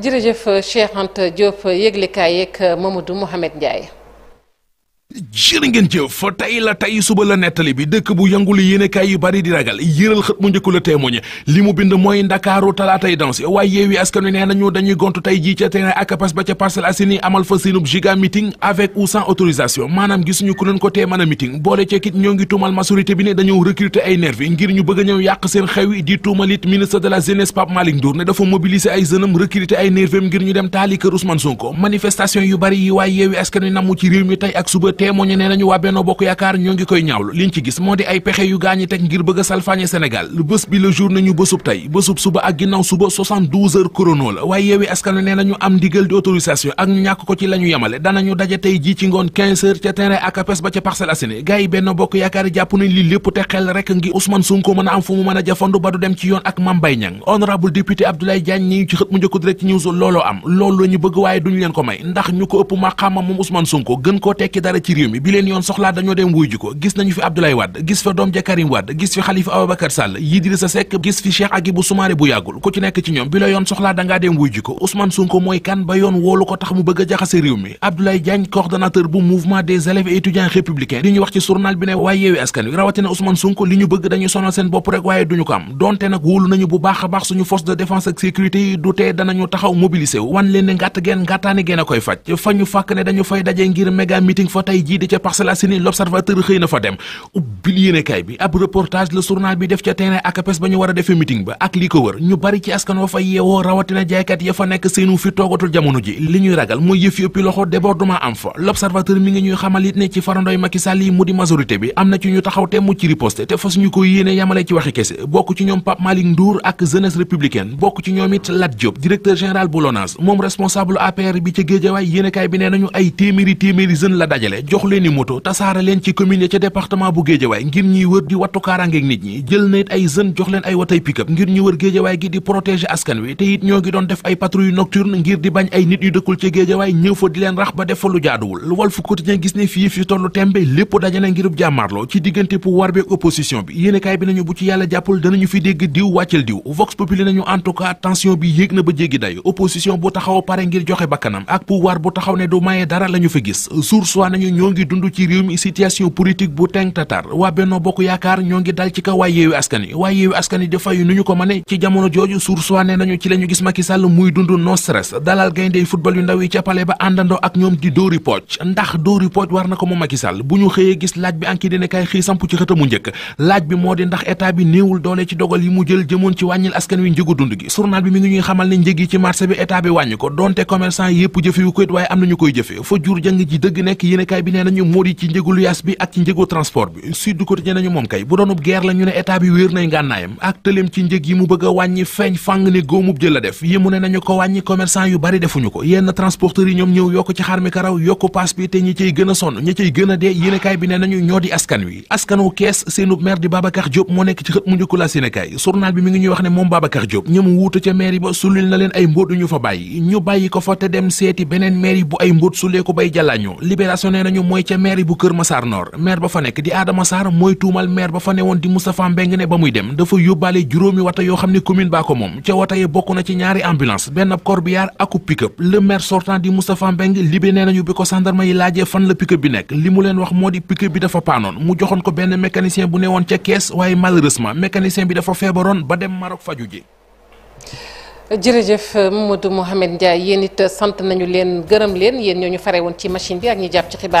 jërëjëf Cheikh Anta Diop yëglekaay yeeg Mamadou Mouhamed Ndiaye. jërë ngeen jëf tey la tey suba la nettali bi dëkk bu yëngulu yéenekaay yu bari di ragal yëral xët mu njëkk la li mu bind mooy ndakaaru talaatay danse waaye yeewi askan wi nee nañu dañuy gontu tey jii ca terrain ak ba ca Parcelles Assainies amal fa seenub giga meeting avec ou sans autorisation maanaam gisuñu ku ko tee mën a meeting boole ci ñoo ngi tuumal majorité bi ne dañoo recruter ay nervi ngir ñu bëgg a ñëw yàq seen xew yi di tuumal it ministre de la dem taali kër Ousmane Sonko manifestation yu bari yi waaye yeewi askan mi tey ak suba témoigné nee nañu waa Benno Bokk Yaakaar ñoo ngi koy ñaawlu liñ ci gis moo di ay pexe yu gaañi teg ngir bëgg salfaañe Sénégal bés bi le jour nañu bésub tey bésub suba ak ginnaaw suba 72 la waaye yeewi askan nee nañu am ndigal di autorisation ak ñàkk ko ci la ñu yemale danañu daje tey ji ci ngoon 15 heures ca terrain akapes ba ca Parcelles Assainies gars yi Benno Bokk Yaakaar jàpp nañ li lépp te xel rek ngi Ousmane Sonko mën a am fu mu mën a jafandu ba du leen ko may ndax ñu ko ëpp maqaama moom Ousmane Sonko ci mi bi yoon soxlaa dañoo dem wuy ji ko gis nañu fi Abdoulaye Wade gis fa doom ja Karim gis fi Khalifa Ababacar Sall Idrissa Seck gis fi Cheikh Agibou Soumaré bu yàggul ku ci nekk ci ñoom bi yoon soxlaa dangaa dem wuy ji ko Ousmane Sonko mooy kan ba yoon woolu ko tax mu bëgg a jaxase mi Abdoulaye Diagne coordonnateur bu mouvement des élèves et républicains li ñu wax ci journal bi ne waaye yeewi askan wi rawatina Ousmane Sonko li tey jii di ca Parcelles Assainies l'Observateur xëy na fa dem ubbil yéenekaay bi ab reportage le journal bi def ca terrain ak APES ba ñu war a defee meeting ba ak li ko wër ñu bari ci askan wa fa yeewoo rawatina jaaykat ya fa nekk seenu fi toogatul jamono ji li ñuy ragal mooy yëf yi ëppi loxo débordement am fa l'Observateur mi ngi ñuy xamal it ne ci farandoy Macky yi mu di majorité bi am na ci ñu taxaw temm ci riposte te fas ñu ko yéene yamale ci waxi kese bokk ci ñoom Pape Malick Ndour ak jeunesse républicaine bokk ci ñoom it Lat Diop directeur général bu nee nañu ay téeméeri la dajale jox leen i moto tasaare leen ci commune ya ca département bu géejawaay ngir ñuy wër di wattu kaaraangeeg nit ñi jël na it ay jeunes jox leen ay watay pick-up ngir ñu wër géejawaay gi di protéger askan wi te it ñoo ngi doon def ay patrouille nocturne ngir di bañ ay nit yu dëkkul ci géejawaay ñëw fa di leen rax ba def fa lu jaaduwul Walf Quotidien gis ne fii fi tollu tembe lépp dajale ngirub jàmmaarloo ci diggante pouvoir bi ak opposition bi yéenekaay bi nañu bu ci yàlla fi dégg diw wàccal diw Vox Populi nañu en tout cas tension bi yéeg na ba jéggi day opposition bu taxaw ne du maye dara lañu fa gis nañu ñoo ngi dund ci réew mi situation politique bu teng tatar waa Benno Bokk Yaakaar ñoo ngi dal ci kaw waa Yewwi Askan Wi waa Yewwi Askan Wi ñu ko mëne ci jamono jooju sursoi ne nañu ci la ñu gis Macky Sall muy dund non stress dalal gayndey football yu ndaw yi ca pale ba ñoom di dóori pooc ndax dóori pooc war na ko moom Sall bu ñu xëyee gis laaj bi anki dina njëkk laaj bi moo di ndax état bi néewul doole ci dogal yi mu jël jëmoon ci wàññil askan wi njëgu dund gi journal bi mi ngi ñuy xamal ne njëg yi ci marché bi état bi wàññi ko donte commerçant yépp jëfewu ko it waaye am nañu koy jëfe fa jur jàng ji dëgg nekk yéen yéenekaay bi nee nañu moo di ci njëgu luyaas bi ak ci njëgu transport bi Sud Quotidien nañu moom kay bu doonub guerre la ñu ne état bi wéer nay ngànnaayam ak tëlem ci njëg yi mu bëgg wàññi feeñ fàng ne góomub jël la def yi mu ne nañu ko wàññi commerçant yu bari defuñu ko yenn transporteurs yi ñoom ñëw yokk ci xar karaw yokku paas bi te ñi cay gën sonn ñi cay gën dee yéenekaay bi nee nañu ñoo di askan wi askanu kees seenub maire di Babacar Diop moo nekk ci xët nañu mooy ca maire bu Kër Massar Nord maire ba fa nekk di Adama Sarr mooy tuumal maire ba fa ne woon di Moustapha Mbeng ne ba muy dem dafa yóbbaale juróomi wata yoo xam ne commune baa ko moom ca wata yi bokk na ci ñaari ambulance benn corbillard ak pick-up le maire sortant di Moustapha Mbeng libé nee nañu bi ko sandarma yi laajee fan la pick bi nekk li mu leen wax moo di pick-up bi dafa paanoon mu joxoon ko benn mécanicien bu ne woon ca kees waaye malheureusement mécanicien bi dafa feebaroon ba dem Maroc faju ji jërëjëf euh, Mamadou Mouhamed Ndiaye yéen it euh, sant nañu leen gërëm leen yéen ñoo ñu fare woon ci machine bi ak ñi jàpp ci xibaar yi